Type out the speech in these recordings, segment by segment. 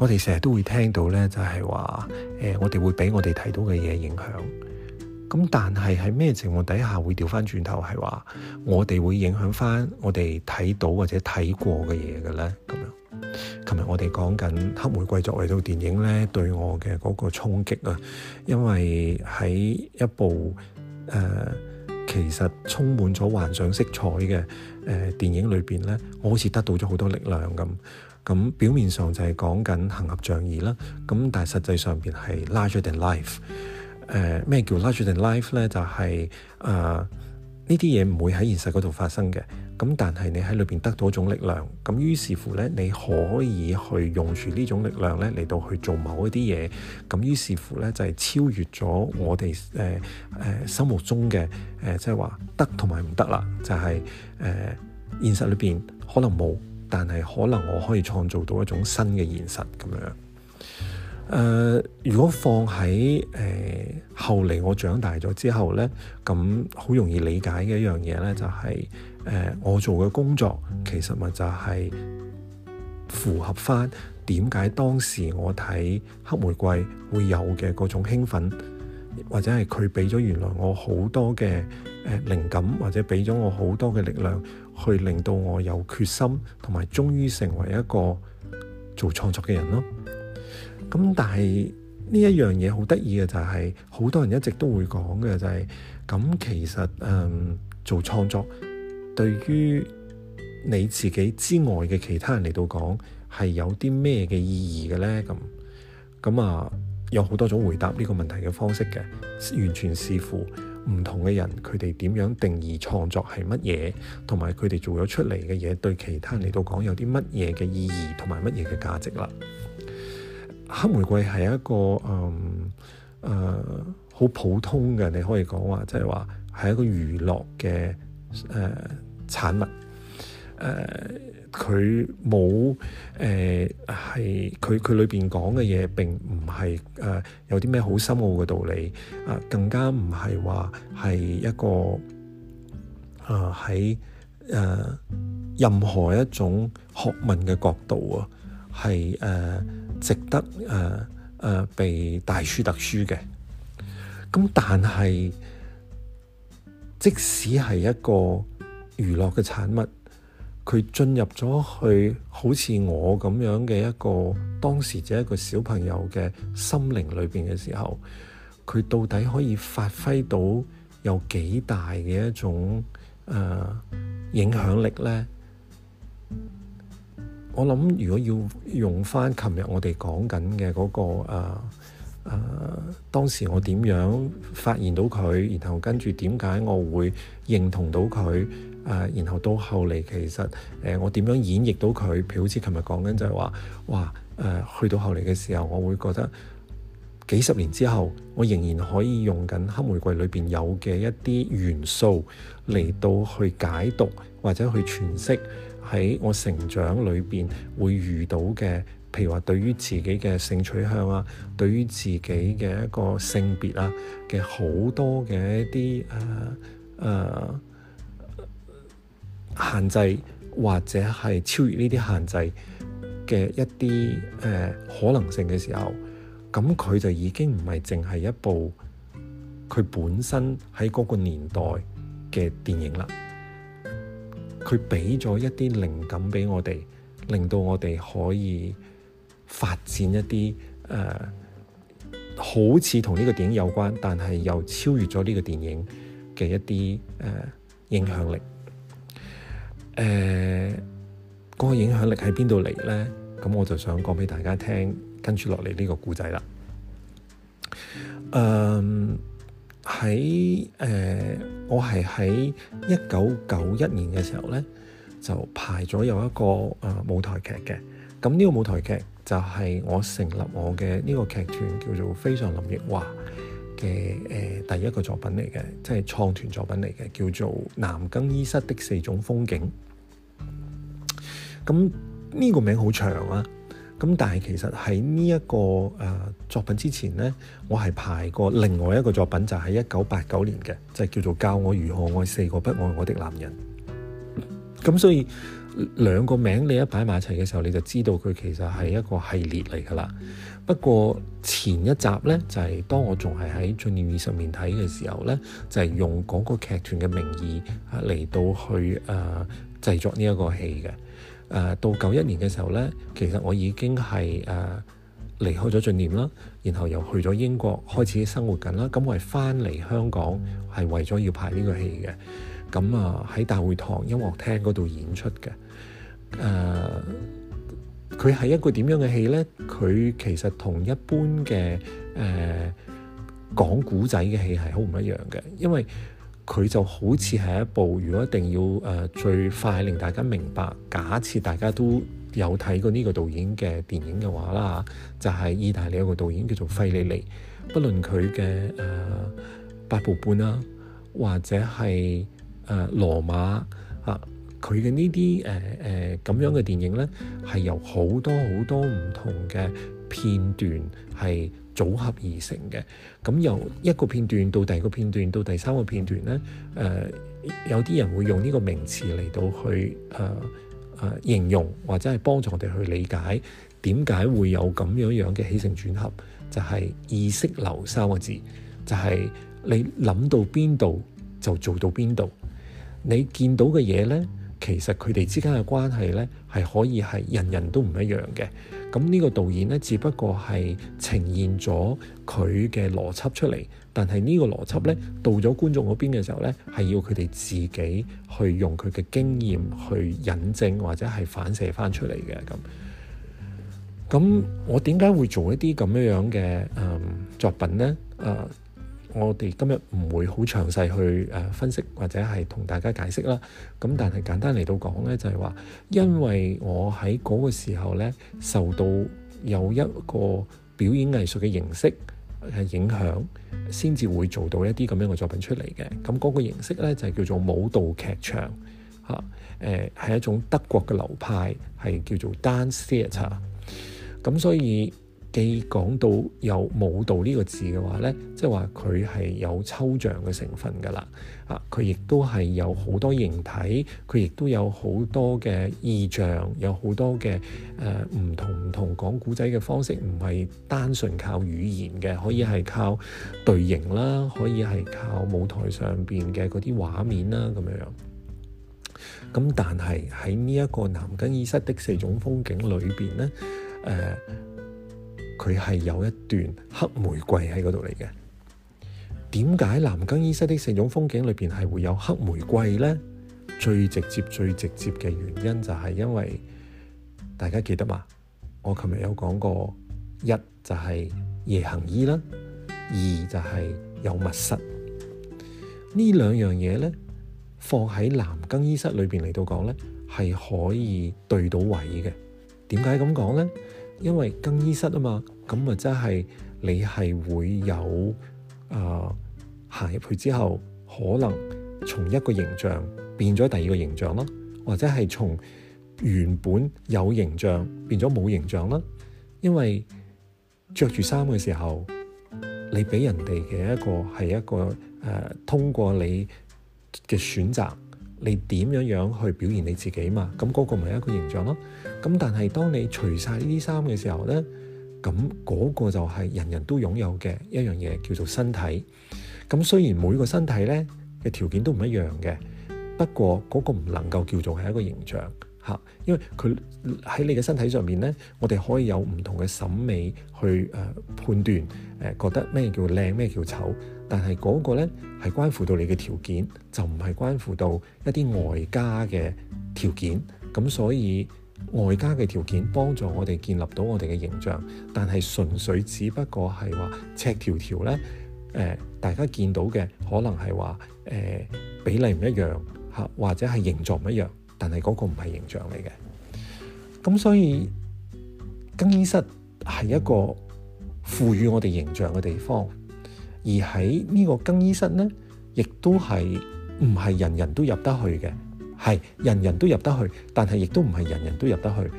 我哋成日都會聽到咧，就係話，誒，我哋會俾我哋睇到嘅嘢影響。咁但係喺咩情況底下會調翻轉頭，係話我哋會影響翻我哋睇到或者睇過嘅嘢嘅咧？咁樣，琴日我哋講緊《黑玫瑰》作為套電影咧，對我嘅嗰個衝擊啊，因為喺一部誒其實充滿咗幻想色彩嘅誒電影裏邊咧，我好似得到咗好多力量咁。咁、嗯、表面上就係講緊行俠仗義啦，咁、嗯、但係實際上邊係 larger than life、呃。誒咩叫 larger than life 咧？就係誒呢啲嘢唔會喺現實嗰度發生嘅。咁、嗯、但係你喺裏邊得到一種力量，咁、嗯、於是乎咧，你可以去用住呢種力量咧嚟到去做某一啲嘢。咁、嗯、於是乎咧，就係、是、超越咗我哋誒誒心目中嘅誒、呃，即係話得同埋唔得啦。就係、是、誒、呃、現實裏邊可能冇。但係可能我可以創造到一種新嘅現實咁樣。誒、呃，如果放喺誒、呃、後嚟我長大咗之後呢，咁好容易理解嘅一樣嘢呢，就係、是呃、我做嘅工作其實咪就係符合返點解當時我睇黑玫瑰會有嘅嗰種興奮，或者係佢俾咗原來我好多嘅誒、呃、靈感，或者俾咗我好多嘅力量。去令到我有決心，同埋終於成為一個做創作嘅人咯。咁、嗯、但係呢一樣嘢好得意嘅就係、是、好多人一直都會講嘅就係、是、咁、嗯、其實，誒、嗯、做創作對於你自己之外嘅其他人嚟到講，係有啲咩嘅意義嘅咧？咁咁啊，有好多種回答呢個問題嘅方式嘅，完全視乎。唔同嘅人，佢哋點樣定義創作係乜嘢，同埋佢哋做咗出嚟嘅嘢，對其他人嚟到講有啲乜嘢嘅意義同埋乜嘢嘅價值啦。黑玫瑰係一個誒誒好普通嘅，你可以講話，即係話係一個娛樂嘅誒、呃、產物誒。呃佢冇誒係，佢佢裏邊講嘅嘢並唔係誒有啲咩好深奧嘅道理啊、呃，更加唔係話係一個啊喺誒任何一種學問嘅角度啊，係誒、呃、值得誒誒、呃呃、被大書特書嘅。咁但係即使係一個娛樂嘅產物。佢進入咗去好似我咁樣嘅一個當時即一個小朋友嘅心靈裏邊嘅時候，佢到底可以發揮到有幾大嘅一種誒、呃、影響力呢？我諗如果要用返尋日我哋講緊嘅嗰個誒誒、呃呃，當時我點樣發現到佢，然後跟住點解我會認同到佢？誒、呃，然後到後嚟其實誒、呃，我點樣演繹到佢？譬如好似琴日講緊就係、是、話，哇！誒、呃，去到後嚟嘅時候，我會覺得幾十年之後，我仍然可以用緊《黑玫瑰》裏邊有嘅一啲元素嚟到去解讀或者去詮釋喺我成長裏邊會遇到嘅，譬如話對於自己嘅性取向啊，對於自己嘅一個性別啊嘅好多嘅一啲誒誒，呃呃限制或者係超越呢啲限制嘅一啲誒、呃、可能性嘅時候，咁佢就已經唔係淨係一部佢本身喺嗰個年代嘅電影啦。佢俾咗一啲靈感俾我哋，令到我哋可以發展一啲誒、呃、好似同呢個電影有關，但係又超越咗呢個電影嘅一啲誒、呃、影響力。誒，嗰、呃那個影響力喺邊度嚟咧？咁我就想講俾大家聽，跟住落嚟呢個故仔啦。嗯、呃，喺誒、呃，我係喺一九九一年嘅時候咧，就排咗有一個誒、呃、舞台劇嘅。咁呢個舞台劇就係我成立我嘅呢、這個劇團叫做非常林奕華嘅誒第一個作品嚟嘅，即係創團作品嚟嘅，叫做《男更衣室的四種風景》。咁呢個名好長啊。咁但係其實喺呢一個誒、呃、作品之前呢，我係排過另外一個作品，就係一九八九年嘅，就是、叫做《教我如何愛四個不愛我的男人》。咁所以兩個名你一擺埋齊嘅時候，你就知道佢其實係一個系列嚟㗎喇。不過前一集呢，就係、是、當我仲係喺進念二十面體嘅時候呢，就係、是、用嗰個劇團嘅名義嚟到去誒、呃、製作呢一個戲嘅。誒到九一年嘅時候呢，其實我已經係誒、呃、離開咗進念啦，然後又去咗英國開始生活緊啦。咁我係翻嚟香港係為咗要拍呢個戲嘅。咁啊喺大會堂音樂廳嗰度演出嘅。誒、呃，佢係一個點樣嘅戲呢？佢其實同一般嘅誒、呃、講古仔嘅戲係好唔一樣嘅，因為，佢就好似係一部，如果一定要誒、呃、最快令大家明白，假設大家都有睇過呢個導演嘅電影嘅話啦，就係、是、意大利有一個導演叫做費利尼。不論佢嘅誒八部半啦、啊，或者係誒、呃、羅馬啊，佢嘅呢啲誒誒咁樣嘅電影呢，係由好多好多唔同嘅片段係，組合而成嘅，咁、嗯、由一個片段到第二個片段到第三個片段呢，誒、呃、有啲人會用呢個名詞嚟到去誒誒、呃呃、形容或者係幫助我哋去理解點解會有咁樣樣嘅起承轉合，就係、是、意識流三個字，就係、是、你諗到邊度就做到邊度，你見到嘅嘢呢，其實佢哋之間嘅關係呢，係可以係人人都唔一樣嘅。咁呢個導演呢，只不過係呈現咗佢嘅邏輯出嚟，但係呢個邏輯呢，到咗觀眾嗰邊嘅時候呢，係要佢哋自己去用佢嘅經驗去引證或者係反射翻出嚟嘅咁。咁我點解會做一啲咁樣樣嘅、呃、作品呢？啊、呃！我哋今日唔會好詳細去誒分析或者係同大家解釋啦。咁但係簡單嚟到講呢，就係話，因為我喺嗰個時候呢，受到有一個表演藝術嘅形式嘅影響，先至會做到一啲咁樣嘅作品出嚟嘅。咁嗰個形式呢，就係叫做舞蹈劇場嚇，誒係一種德國嘅流派，係叫做 dance theatre。咁所以既講到有舞蹈呢個字嘅話呢，即係話佢係有抽象嘅成分㗎啦。啊，佢亦都係有好多形體，佢亦都有好多嘅意象，有好多嘅誒唔同唔同講古仔嘅方式，唔係單純靠語言嘅，可以係靠隊形啦，可以係靠舞台上邊嘅嗰啲畫面啦，咁樣樣。咁、嗯、但係喺呢一個男更衣室的四種風景裏邊呢。誒、呃。佢係有一段黑玫瑰喺嗰度嚟嘅。點解男更衣室的四種風景裏邊係會有黑玫瑰呢？最直接、最直接嘅原因就係因為大家記得嘛，我琴日有講過，一就係夜行衣啦，二就係有密室。呢兩樣嘢呢，放喺男更衣室裏邊嚟到講呢，係可以對到位嘅。點解咁講呢？因為更衣室啊嘛，咁啊即係你係會有啊行入去之後，可能從一個形象變咗第二個形象啦，或者係從原本有形象變咗冇形象啦。因為着住衫嘅時候，你俾人哋嘅一個係一個誒、呃，通過你嘅選擇。你點樣樣去表現你自己嘛？咁嗰個咪係一個形象咯。咁但係當你除晒呢啲衫嘅時候呢，咁嗰個就係人人都擁有嘅一樣嘢，叫做身體。咁雖然每個身體呢嘅條件都唔一樣嘅，不過嗰個唔能夠叫做係一個形象。因為佢喺你嘅身體上面呢，我哋可以有唔同嘅審美去誒判斷，誒覺得咩叫靚，咩叫醜。但係嗰個呢，係關乎到你嘅條件，就唔係關乎到一啲外加嘅條件。咁所以外加嘅條件幫助我哋建立到我哋嘅形象，但係純粹只不過係話赤條條呢，誒、呃、大家見到嘅可能係話誒比例唔一樣，吓或者係形狀唔一樣。但係嗰個唔係形象嚟嘅，咁所以更衣室係一個賦予我哋形象嘅地方，而喺呢個更衣室呢，亦都係唔係人人都入得去嘅，係人人都入得去，但係亦都唔係人人都入得去。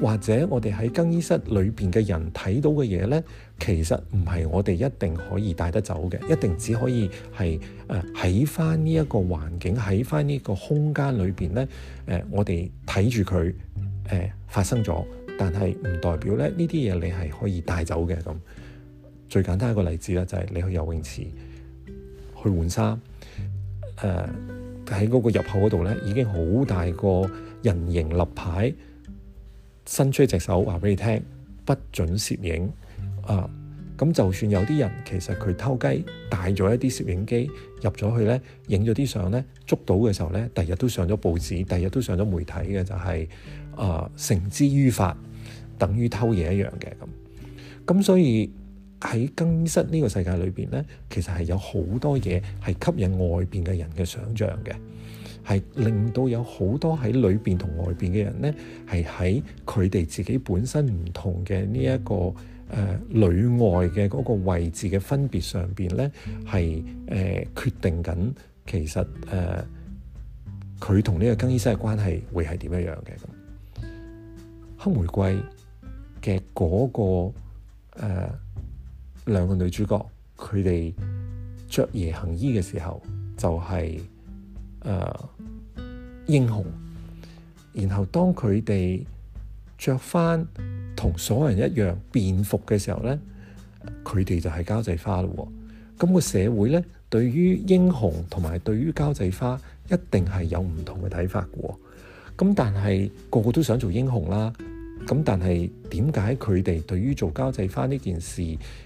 或者我哋喺更衣室裏邊嘅人睇到嘅嘢咧，其實唔係我哋一定可以帶得走嘅，一定只可以係誒喺翻呢一個環境喺翻呢個空間裏邊咧，誒、呃、我哋睇住佢誒發生咗，但係唔代表咧呢啲嘢你係可以帶走嘅咁。最簡單一個例子咧就係、是、你去游泳池去換衫，誒喺嗰個入口嗰度咧已經好大個人形立牌。伸出隻手話俾你聽，不准攝影啊！咁、uh, 就算有啲人其實佢偷雞，帶咗一啲攝影機入咗去呢，影咗啲相呢，捉到嘅時候呢，第日都上咗報紙，第日都上咗媒體嘅，就係、是、啊，繩、uh, 之於法，等於偷嘢一樣嘅咁。咁所以喺更衣室呢個世界裏邊呢，其實係有好多嘢係吸引外邊嘅人嘅想象嘅。係令到有好多喺裏邊同外邊嘅人咧，係喺佢哋自己本身唔同嘅呢一個誒裏、呃、外嘅嗰個位置嘅分別上邊咧，係誒、呃、決定緊其實誒佢同呢個更衣室嘅關係會係點樣樣嘅咁。黑玫瑰嘅嗰、那個誒、呃、兩個女主角，佢哋着夜行衣嘅時候就係、是。誒、uh，英雄，然後當佢哋着翻同所有人一樣便服嘅時候呢，佢哋就係交際花咯。咁、嗯、個社會呢，對於英雄同埋對於交際花一定係有唔同嘅睇法嘅。咁、嗯、但係個個都想做英雄啦。咁、嗯、但係點解佢哋對於做交際花呢件事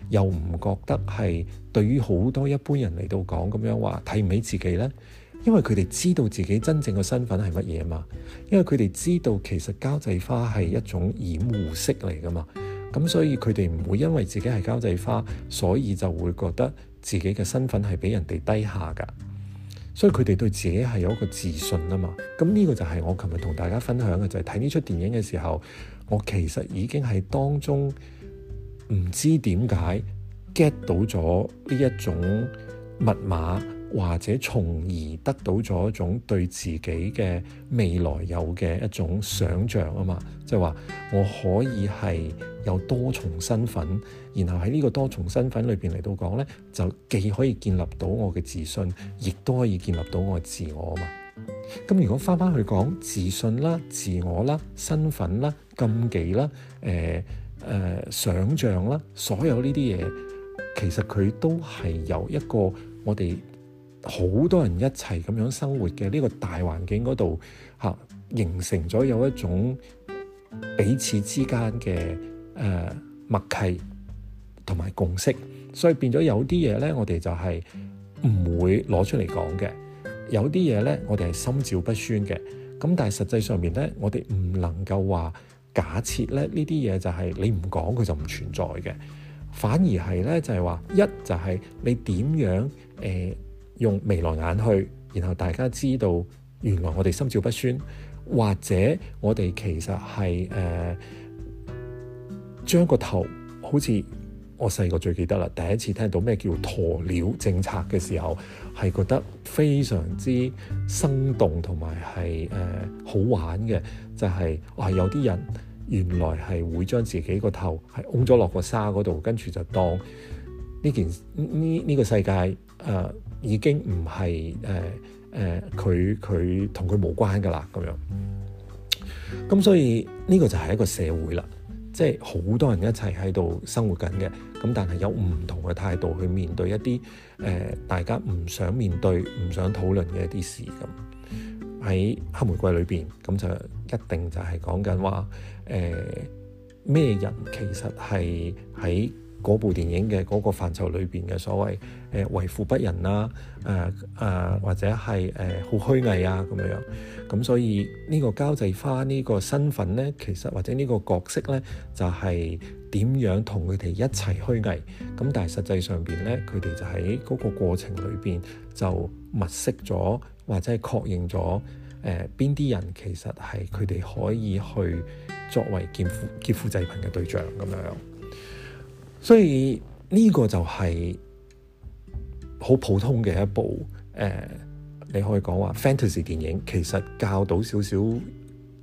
又唔覺得係對於好多一般人嚟到講咁樣話睇唔起自己呢？因為佢哋知道自己真正嘅身份係乜嘢嘛，因為佢哋知道其實交際花係一種掩護式嚟噶嘛，咁所以佢哋唔會因為自己係交際花，所以就會覺得自己嘅身份係畀人哋低下噶，所以佢哋對自己係有一個自信啊嘛。咁呢個就係我琴日同大家分享嘅，就係睇呢出電影嘅時候，我其實已經喺當中唔知點解 get 到咗呢一種密碼。或者從而得到咗一種對自己嘅未來有嘅一種想像啊嘛，即係話我可以係有多重身份，然後喺呢個多重身份裏邊嚟到講咧，就既可以建立到我嘅自信，亦都可以建立到我嘅自我啊嘛。咁如果翻翻去講自信啦、自我啦、身份啦、禁忌啦、誒、呃、誒、呃、想像啦，所有呢啲嘢其實佢都係有一個我哋。好多人一齊咁樣生活嘅呢個大環境嗰度嚇，形成咗有一種彼此之間嘅誒、呃、默契同埋共識，所以變咗有啲嘢咧，我哋就係唔會攞出嚟講嘅。有啲嘢咧，我哋係心照不宣嘅。咁但係實際上面咧，我哋唔能夠話假設咧呢啲嘢就係你唔講佢就唔存在嘅，反而係咧就係、是、話一就係你點樣誒？呃用眉來眼去，然後大家知道原來我哋心照不宣，或者我哋其實係誒將個頭好似我細個最記得啦，第一次聽到咩叫鴕鳥政策嘅時候，係覺得非常之生動同埋係誒好玩嘅，就係、是、我、啊、有啲人原來係會將自己個頭係㧬咗落個沙嗰度，跟住就當呢件呢呢、這個世界。誒、呃、已經唔係誒誒佢佢同佢無關㗎啦，咁樣。咁所以呢個就係一個社會啦，即係好多人一齊喺度生活緊嘅。咁但係有唔同嘅態度去面對一啲誒、呃、大家唔想面對、唔想討論嘅一啲事咁。喺黑玫瑰裏邊，咁就一定就係講緊話誒咩人其實係喺。嗰部電影嘅嗰個範疇裏邊嘅所謂誒為富不仁啦，誒、呃、誒、呃、或者係誒好虛偽啊咁樣，咁所以呢、呢個交際花呢個身份咧，其實或者呢個角色咧，就係、是、點樣同佢哋一齊虛偽咁，但係實際上邊咧，佢哋就喺嗰個過程裏邊就物色咗或者係確認咗誒邊啲人其實係佢哋可以去作為劫富劫富濟貧嘅對象咁樣。所以呢、呢個就係好普通嘅一部誒、呃，你可以講話 fantasy 電影，其實教到少少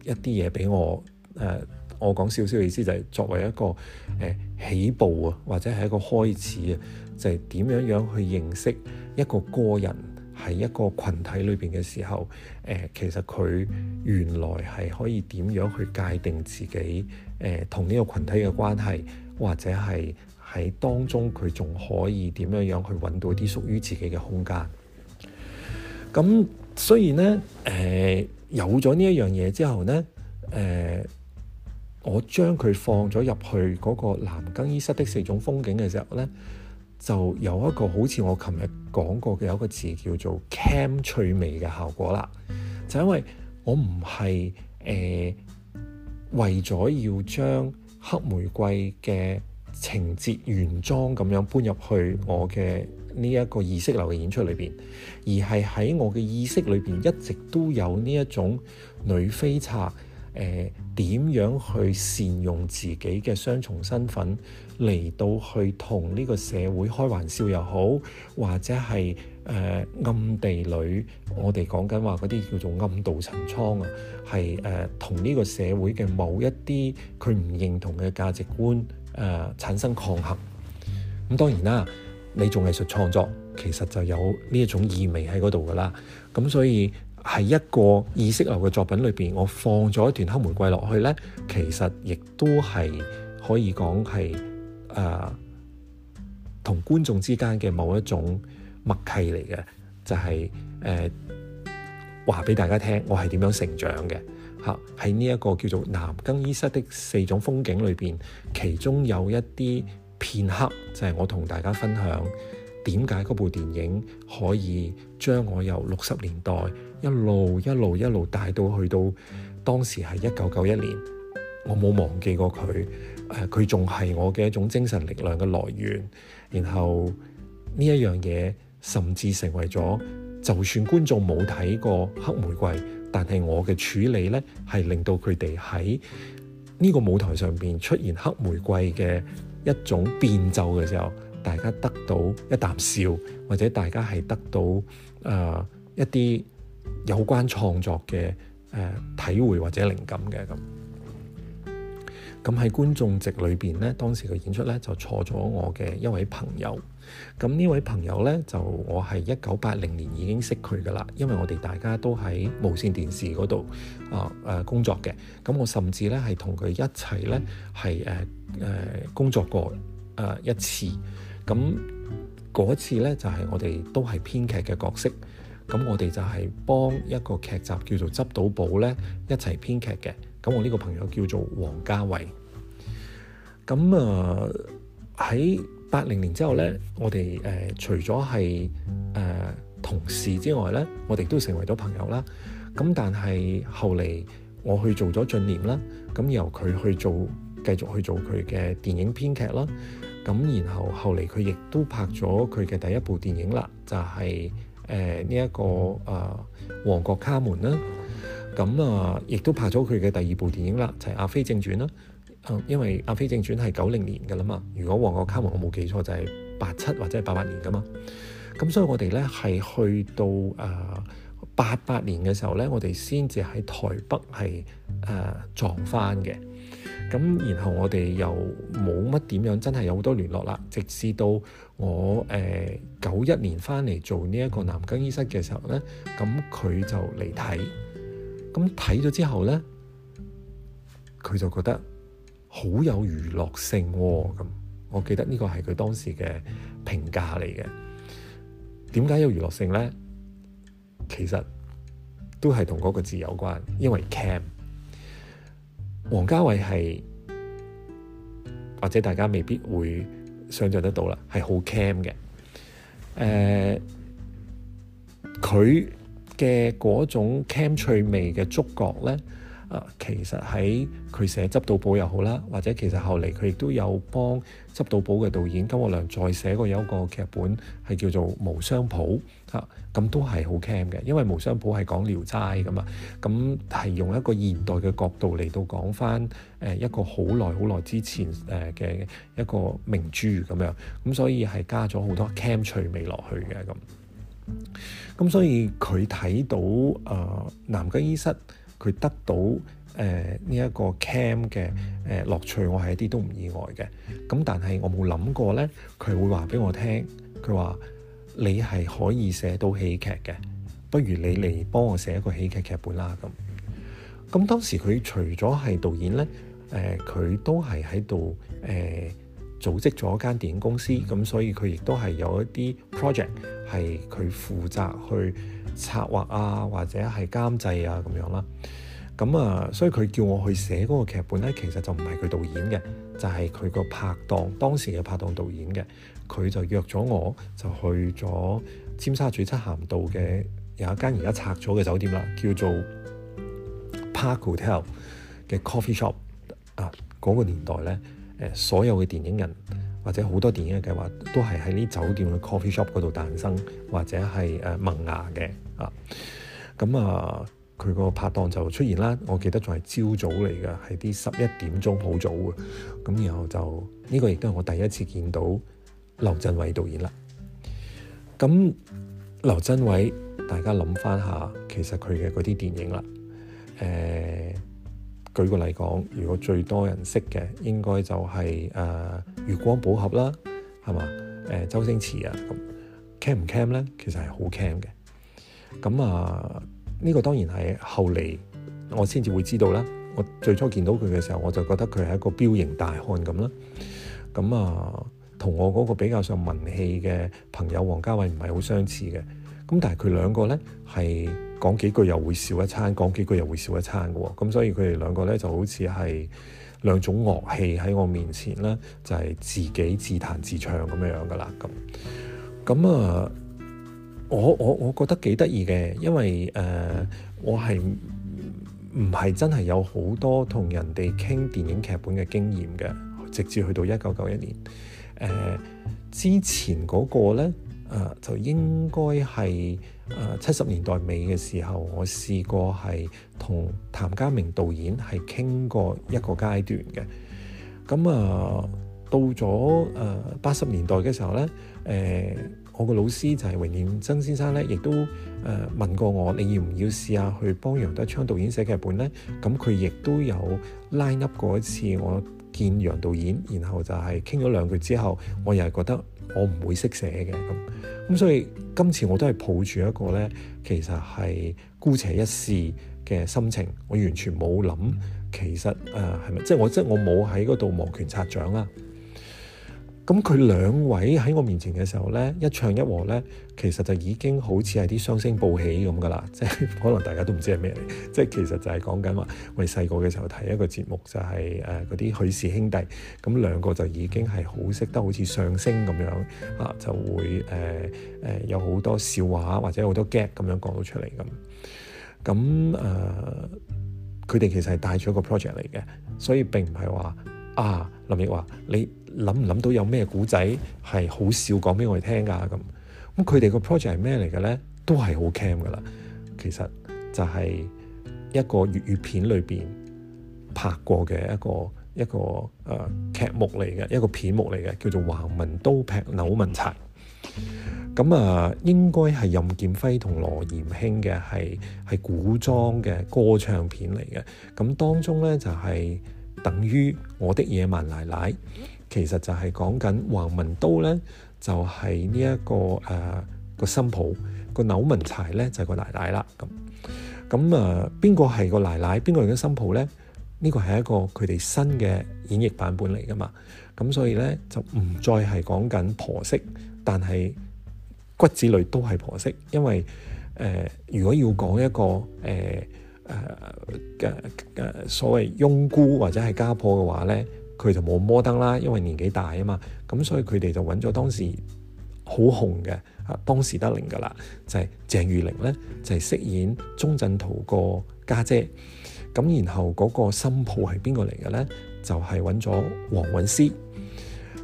一啲嘢俾我誒、呃。我講少少嘅意思就係作為一個誒、呃、起步啊，或者係一個開始啊，就係點樣樣去認識一個個人喺一個群體裏邊嘅時候誒、呃，其實佢原來係可以點樣去界定自己誒同呢個群體嘅關係，或者係。喺當中，佢仲可以點樣樣去揾到啲屬於自己嘅空間。咁雖然呢，誒、呃、有咗呢一樣嘢之後呢，誒、呃、我將佢放咗入去嗰個男更衣室的四種風景嘅時候呢，就有一個好似我琴日講過嘅有一個字叫做 camp 趣味嘅效果啦。就因為我唔係誒為咗要將黑玫瑰嘅。情節原裝咁樣搬入去我嘅呢一個意識流嘅演出裏邊，而係喺我嘅意識裏邊一直都有呢一種女飛賊。誒、呃、點樣去善用自己嘅雙重身份嚟到去同呢個社會開玩笑又好，或者係誒、呃、暗地裏我哋講緊話嗰啲叫做暗度陳倉啊，係誒同呢個社會嘅某一啲佢唔認同嘅價值觀。誒、呃、產生抗衡，咁、嗯、當然啦，你做藝術創作其實就有呢一種意味喺嗰度噶啦，咁、嗯、所以喺一個意識流嘅作品裏邊，我放咗一段黑玫瑰落去呢，其實亦都係可以講係誒同觀眾之間嘅某一種默契嚟嘅，就係誒話俾大家聽，我係點樣成長嘅。喺呢一個叫做《南更衣室》的四種風景裏邊，其中有一啲片刻，就係我同大家分享點解嗰部電影可以將我由六十年代一路一路一路帶到去到當時係一九九一年，我冇忘記過佢。佢仲係我嘅一種精神力量嘅來源。然後呢一樣嘢，甚至成為咗，就算觀眾冇睇過《黑玫瑰》。但係我嘅處理咧，係令到佢哋喺呢個舞台上邊出現《黑玫瑰》嘅一種變奏嘅時候，大家得到一啖笑，或者大家係得到誒、呃、一啲有關創作嘅誒、呃、體會或者靈感嘅咁。咁喺觀眾席裏邊咧，當時嘅演出咧就坐咗我嘅一位朋友。咁呢位朋友呢，就我係一九八零年已經識佢噶啦，因為我哋大家都喺無線電視嗰度啊誒工作嘅。咁我甚至呢係同佢一齊呢，係誒誒工作過誒、呃、一次。咁嗰次呢，就係、是、我哋都係編劇嘅角色。咁我哋就係幫一個劇集叫做《執到寶》呢，一齊編劇嘅。咁我呢個朋友叫做王家衛。咁啊喺。呃八零年之後咧，我哋誒、呃、除咗係誒同事之外咧，我哋都成為咗朋友啦。咁但係後嚟我去做咗進念啦，咁由佢去做繼續去做佢嘅電影編劇啦。咁然後後嚟佢亦都拍咗佢嘅第一部電影啦，就係誒呢一個誒、呃《旺角卡門》啦。咁啊，亦都拍咗佢嘅第二部電影啦，就係、是《阿飛正傳》啦。因為阿飛正傳係九零年㗎啦嘛，如果旺角卡門我冇記錯就係八七或者係八八年噶嘛。咁所以我哋咧係去到誒八八年嘅時候咧，我哋先至喺台北係誒、呃、撞翻嘅。咁然後我哋又冇乜點樣，真係有好多聯絡啦。直至到我誒九一年翻嚟做呢一個男更衣室嘅時候咧，咁佢就嚟睇，咁睇咗之後咧，佢就覺得。好有娛樂性喎，哦，咁我記得呢個係佢當時嘅評價嚟嘅。點解有娛樂性呢？其實都係同嗰個字有關，因為 cam。王家衛係或者大家未必會想像得到啦，係好 cam 嘅。誒、呃，佢嘅嗰種 cam 趣味嘅觸覺呢。其實喺佢寫《執到寶》又好啦，或者其實後嚟佢亦都有幫《執到寶》嘅導演金岳良再寫過有一個劇本，係叫做《無雙譜》嚇。咁、啊、都係好 can 嘅，因為《無雙譜》係講《聊齋》噶嘛，咁係用一個現代嘅角度嚟到講翻誒一個好耐好耐之前誒嘅一個明珠咁樣，咁所以係加咗好多 can 趣味落去嘅咁。咁所以佢睇到啊，呃《南更衣室》。佢得到誒呢一個 cam 嘅誒樂趣，我係一啲都唔意外嘅。咁但係我冇諗過呢，佢會話俾我聽，佢話你係可以寫到喜劇嘅，不如你嚟幫我寫一個喜劇劇本啦咁。咁當時佢除咗係導演呢，誒、呃、佢都係喺度誒組織咗一間電影公司，咁所以佢亦都係有一啲 project 係佢負責去。策劃啊，或者係監製啊，咁樣啦。咁啊，所以佢叫我去寫嗰個劇本咧，其實就唔係佢導演嘅，就係佢個拍檔當時嘅拍檔導演嘅。佢就約咗我，就去咗尖沙咀漆咸道嘅有一間而家拆咗嘅酒店啦，叫做 Park Hotel 嘅 coffee shop 啊。嗰、那個年代咧，所有嘅電影人或者好多電影嘅計劃都係喺呢酒店嘅 coffee shop 度誕生或者係誒、呃、萌芽嘅。啊，咁啊，佢個拍檔就出現啦。我記得仲係朝早嚟嘅，係啲十一點鐘好早啊。咁然後就呢、這個亦都係我第一次見到劉鎮偉導演啦。咁劉鎮偉，大家諗翻下，其實佢嘅嗰啲電影啦，誒、呃、舉個例講，如果最多人識嘅，應該就係、是、誒、呃《月光寶盒》啦，係嘛？誒、呃、周星馳啊，咁 cam 唔 cam 咧？其實係好 cam 嘅。咁啊，呢、這個當然係後嚟我先至會知道啦。我最初見到佢嘅時候，我就覺得佢係一個彪形大漢咁啦。咁啊，同、嗯、我嗰個比較上文氣嘅朋友王家衛唔係好相似嘅。咁但係佢兩個呢係講幾句又會笑一餐，講幾句又會笑一餐嘅喎。咁、嗯、所以佢哋兩個呢就好似係兩種樂器喺我面前咧，就係、是、自己自彈自唱咁樣樣噶啦。咁咁啊。我我我覺得幾得意嘅，因為誒、呃，我係唔係真係有好多同人哋傾電影劇本嘅經驗嘅，直至去到一九九一年。誒、呃，之前嗰個呢、呃，就應該係誒七十年代尾嘅時候，我試過係同譚家明導演係傾過一個階段嘅。咁、嗯、啊、呃，到咗誒八十年代嘅時候呢。誒、呃。我個老師就係榮念曾先生咧，亦都誒、呃、問過我，你要唔要試下去幫楊德昌導演寫劇本咧？咁佢亦都有 line up 過一次，我見楊導演，然後就係傾咗兩句之後，我又係覺得我唔會識寫嘅咁。咁所以今次我都係抱住一個咧，其實係姑且一試嘅心情，我完全冇諗其實誒係咪，即係我即係我冇喺嗰度摩拳擦掌啊！咁佢兩位喺我面前嘅時候呢，一唱一和呢，其實就已經好似係啲雙星報喜咁噶啦，即係可能大家都唔知係咩嚟，即係其實就係講緊話，我哋細個嘅時候睇一個節目就係誒嗰啲許氏兄弟，咁兩個就已經係好識得好似上聲咁樣啊，就會誒誒、呃呃、有好多笑話或者好多 gap 咁樣講到出嚟咁。咁誒，佢、呃、哋其實係帶咗個 project 嚟嘅，所以並唔係話啊林奕華你。諗唔諗到有咩古仔係好少講俾我哋聽㗎？咁咁佢哋個 project 係咩嚟嘅咧？都係好 cam 㗎啦。其實就係一個粵語片裏邊拍過嘅一個一個誒、呃、劇目嚟嘅，一個片目嚟嘅，叫做《橫文刀劈扭文柴》。咁啊，應該係任劍輝同羅艷卿嘅係係古裝嘅歌唱片嚟嘅。咁當中咧就係、是、等於《我的野蠻奶奶》。其實就係講緊黃文都咧，就係呢一個誒個新抱個扭紋柴咧，就係個奶奶啦。咁咁啊，邊個係個奶奶？邊個係個新抱咧？呢個係一個佢哋新嘅演繹版本嚟㗎嘛。咁所以咧就唔再係講緊婆媳，但係骨子裡都係婆媳，因為誒如果要講一個誒誒誒所謂翁姑或者係家婆嘅話咧。佢就冇摩登啦，因為年紀大啊嘛，咁所以佢哋就揾咗當時好紅嘅，啊當時得令㗎喇，就係、是、鄭裕玲呢，就係、是、飾演鍾鎮濤個家姐、姐。咁然後嗰個新抱係邊個嚟嘅呢？就係揾咗黃韻詩。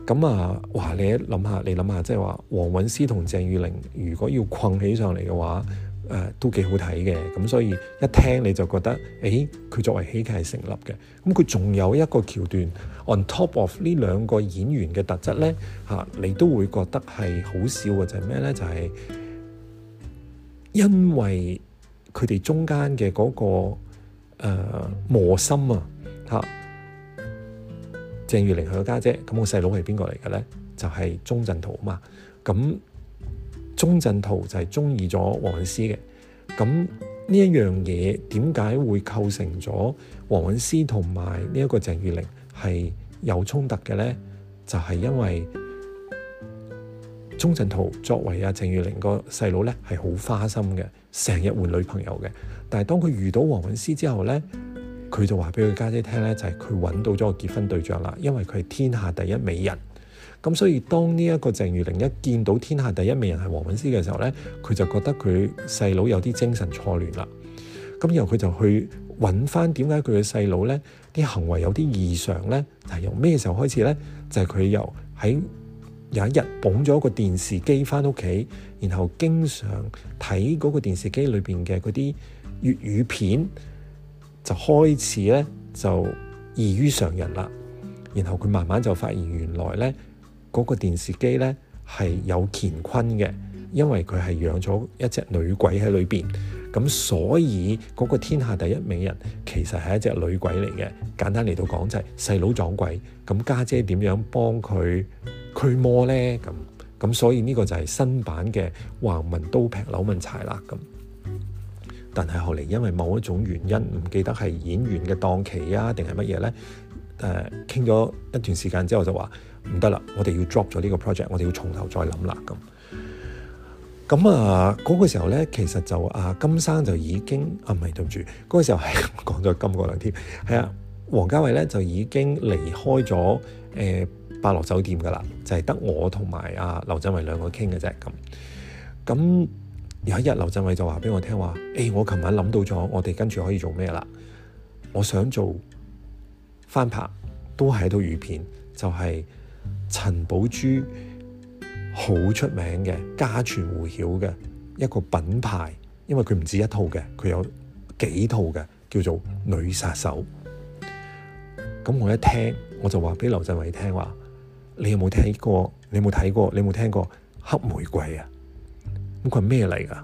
咁啊，哇！你一諗下，你諗下，即係話黃韻詩同鄭裕玲如果要困起上嚟嘅話，誒都幾好睇嘅，咁所以一聽你就覺得，誒、欸、佢作為喜劇係成立嘅。咁佢仲有一個橋段，on top of 呢兩個演員嘅特質呢，嚇、啊、你都會覺得係好笑嘅就係、是、咩呢？就係、是、因為佢哋中間嘅嗰、那個、呃、磨心啊嚇、啊，鄭月玲係個家姐，咁個細佬係邊個嚟嘅呢？就係鍾鎮濤啊嘛，咁。鍾鎮濤就係中意咗黃韻詩嘅，咁呢一樣嘢，點解會構成咗黃韻詩同埋呢一個鄭裕玲係有衝突嘅呢？就係因為鍾鎮濤作為阿鄭裕玲個細佬呢，係好花心嘅，成日換女朋友嘅。但係當佢遇到黃韻詩之後呢，佢就話俾佢家姐聽呢，就係佢揾到咗個結婚對象啦，因為佢係天下第一美人。咁所以當呢一個鄭裕玲一見到天下第一美人係黃韻詩嘅時候呢，佢就覺得佢細佬有啲精神錯亂啦。咁然後佢就去揾翻點解佢嘅細佬呢，啲行為有啲異常呢，就係由咩時候開始呢？就係、是、佢由喺有一日捧咗個電視機翻屋企，然後經常睇嗰個電視機裏邊嘅嗰啲粵語片，就開始呢就異於常人啦。然後佢慢慢就發現原來呢，嗰個電視機咧係有乾坤嘅，因為佢係養咗一隻女鬼喺裏邊，咁所以嗰個天下第一美人其實係一隻女鬼嚟嘅。簡單嚟到講就係細佬撞鬼，咁家姐點樣幫佢驅魔呢？咁咁所以呢個就係新版嘅《橫紋刀劈柳紋柴》啦。咁但係後嚟因為某一種原因，唔記得係演員嘅檔期啊，定係乜嘢呢？誒，傾咗一段時間之後就話唔得啦，我哋要 drop 咗呢個 project，我哋要從頭再諗啦咁。咁啊，嗰、那個時候咧，其實就啊金生就已經啊唔係，對唔住嗰、那個時候係講咗金國良天，係啊王家衛咧就已經離開咗誒、呃、百樂酒店噶啦，就係得我同埋啊劉振偉兩個傾嘅啫咁。咁有一日劉振偉就話俾我聽話，誒我琴晚諗到咗，我哋跟住可以做咩啦？我想做。翻拍都係一套語片，就係、是、陳寶珠好出名嘅家傳戶曉嘅一個品牌。因為佢唔止一套嘅，佢有幾套嘅叫做《女殺手》。咁我一聽我就話俾劉振偉聽話：你有冇睇過？你有冇睇過？你有冇聽過《黑玫瑰》啊？咁佢係咩嚟㗎？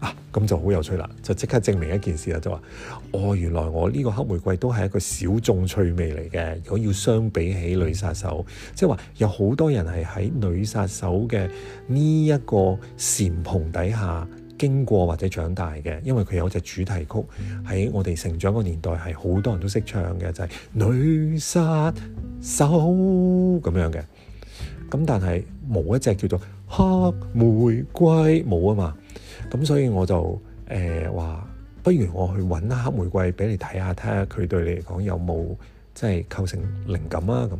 啊，咁就好有趣啦！就即刻證明一件事啦，就話哦，原來我呢個黑玫瑰都係一個小眾趣味嚟嘅。如果要相比起《女殺手》，即係話有好多人係喺《女殺手》嘅呢一個蟬蓬底下經過或者長大嘅，因為佢有隻主題曲喺我哋成長個年代係好多人都識唱嘅，就係《女殺手》咁樣嘅。咁但係冇一隻叫做黑玫瑰冇啊嘛。咁所以我就誒話、欸，不如我去揾下黑玫瑰俾你睇下，睇下佢對你嚟講有冇即係構成靈感啊咁。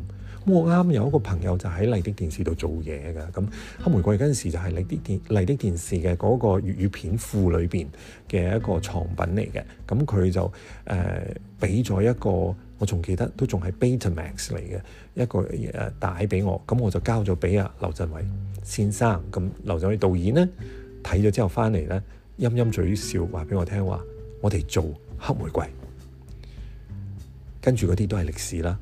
我啱有一個朋友就喺麗的電視度做嘢㗎，咁黑玫瑰嗰陣時就係麗的電麗的電視嘅嗰個粵語片庫裏邊嘅一個藏品嚟嘅。咁佢就誒俾咗一個，我仲記得都仲係 Betamax 嚟嘅一個誒帶俾我，咁我就交咗俾阿劉鎮偉先生。咁劉鎮偉導演咧。睇咗之後翻嚟呢，陰陰嘴笑話俾我聽話，我哋做黑玫瑰，跟住嗰啲都係歷史啦。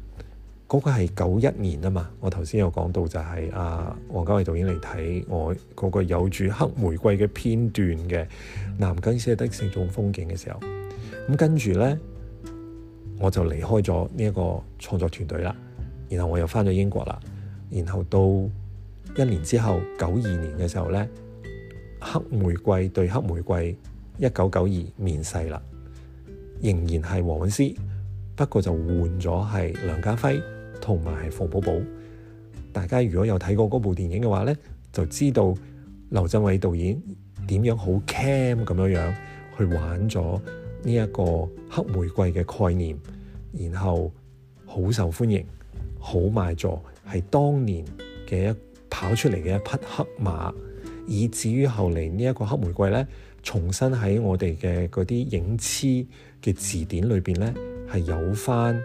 嗰個係九一年啊嘛，我頭先有講到就係阿王家衛導演嚟睇我嗰個有住黑玫瑰嘅片段嘅《南京四的四種風景》嘅時候，咁跟住呢，我就離開咗呢一個創作團隊啦。然後我又翻咗英國啦。然後到一年之後，九二年嘅時候呢。」《黑玫瑰》對《黑玫瑰》，一九九二面世啦，仍然係黃韻詩，不過就換咗係梁家輝同埋馮寶寶。大家如果有睇過嗰部電影嘅話呢，就知道劉鎮偉導演點樣好 cam 咁樣樣去玩咗呢一個《黑玫瑰》嘅概念，然後好受歡迎，好賣座，係當年嘅一跑出嚟嘅一匹黑馬。以至於後嚟呢一個黑玫瑰咧，重新喺我哋嘅嗰啲影痴嘅字典裏邊咧，係有翻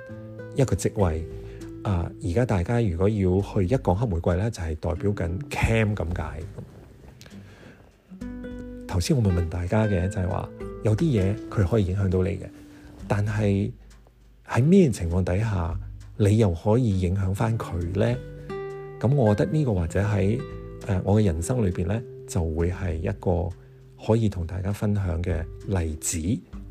一個職位。啊、呃，而家大家如果要去一講黑玫瑰咧，就係、是、代表緊 camp 咁解。頭先我問問大家嘅就係、是、話，有啲嘢佢可以影響到你嘅，但係喺咩情況底下你又可以影響翻佢咧？咁我覺得呢個或者喺誒、呃、我嘅人生裏邊咧。就會係一個可以同大家分享嘅例子，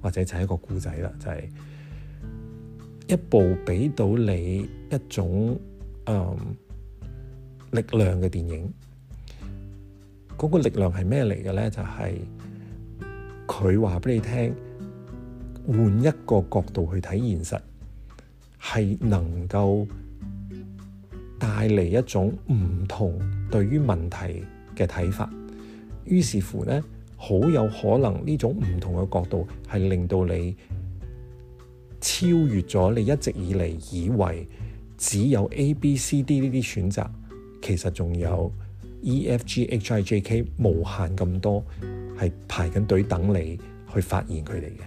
或者就係一個故仔啦，就係、是、一部俾到你一種、嗯、力量嘅電影。嗰、那個力量係咩嚟嘅呢？就係佢話俾你聽，換一個角度去睇現實，係能夠帶嚟一種唔同對於問題嘅睇法。於是乎呢，好有可能呢種唔同嘅角度係令到你超越咗你一直以嚟以為只有 A、B、C、D 呢啲選擇，其實仲有 E、F、G、H、I、J、K 無限咁多係排緊隊等你去發現佢哋嘅。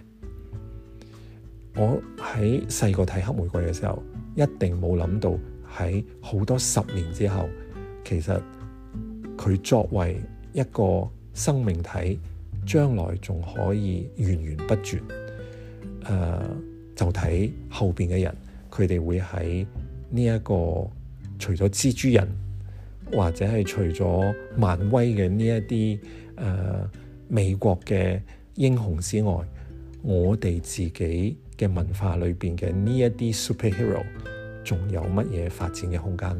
我喺細個睇黑玫瑰嘅時候，一定冇諗到喺好多十年之後，其實佢作為一個生命體，將來仲可以源源不絕，誒、呃、就睇後邊嘅人，佢哋會喺呢一個除咗蜘蛛人，或者係除咗漫威嘅呢一啲誒、呃、美國嘅英雄之外，我哋自己嘅文化裏邊嘅呢一啲 superhero 仲有乜嘢發展嘅空間？